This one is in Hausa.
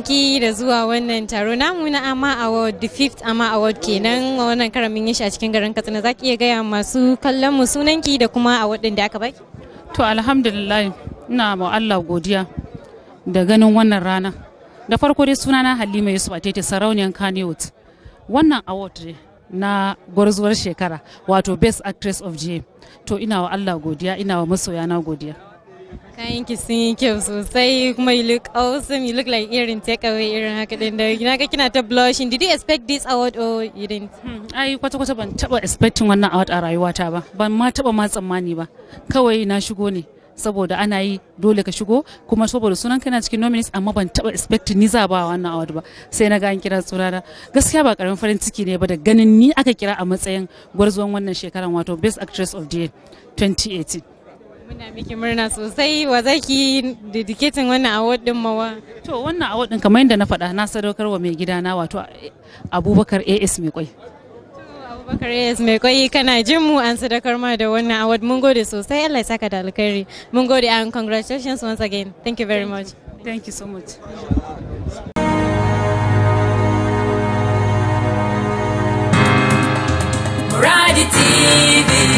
ki da zuwa wannan taro namu na ama award the fifth ama award kenan wannan karamin yashi a cikin garin katsina za ki iya gaya masu kallon mu sunan ki da kuma award din da aka baki to alhamdulillah ina ma Allah godiya da ganin wannan rana da farko dai sunana Halima Yusuf Atete sarauniyar Kanewot wannan award na gwarzuwar shekara wato best actress of ga to ina wa allah godiya ina wa masoya na godiya kayan ki sun yi kyau sosai kuma you look awesome you look like irin take away irin haka din da kina ga kina ta blushing did you expect this award or you didn't hmm, ai kwata kwata ban taba expecting wannan award a rayuwata ba ban ma taba ma tsammani ba kawai na shigo ne saboda ana yi dole ka shigo kuma saboda sunan kana cikin nominis amma ban taba expecting ni za ba wannan award ba sai na ga an kira tsurara gaskiya ba karamin farin ciki ne ba da ganin ni aka kira a matsayin gwarzon wannan shekaran wato best actress of the year 2018 muna miki murna sosai wa zaki dedicating wannan award din mawa to wannan award din kamar yadda na faɗa na sadaukar wa mai gidana wato abubakar as mai kwai Abubakar Yes kana jin mu an sadakar ma da wannan award mun gode sosai Allah ya saka da alkhairi mun gode and congratulations once again thank you very much thank you so much TV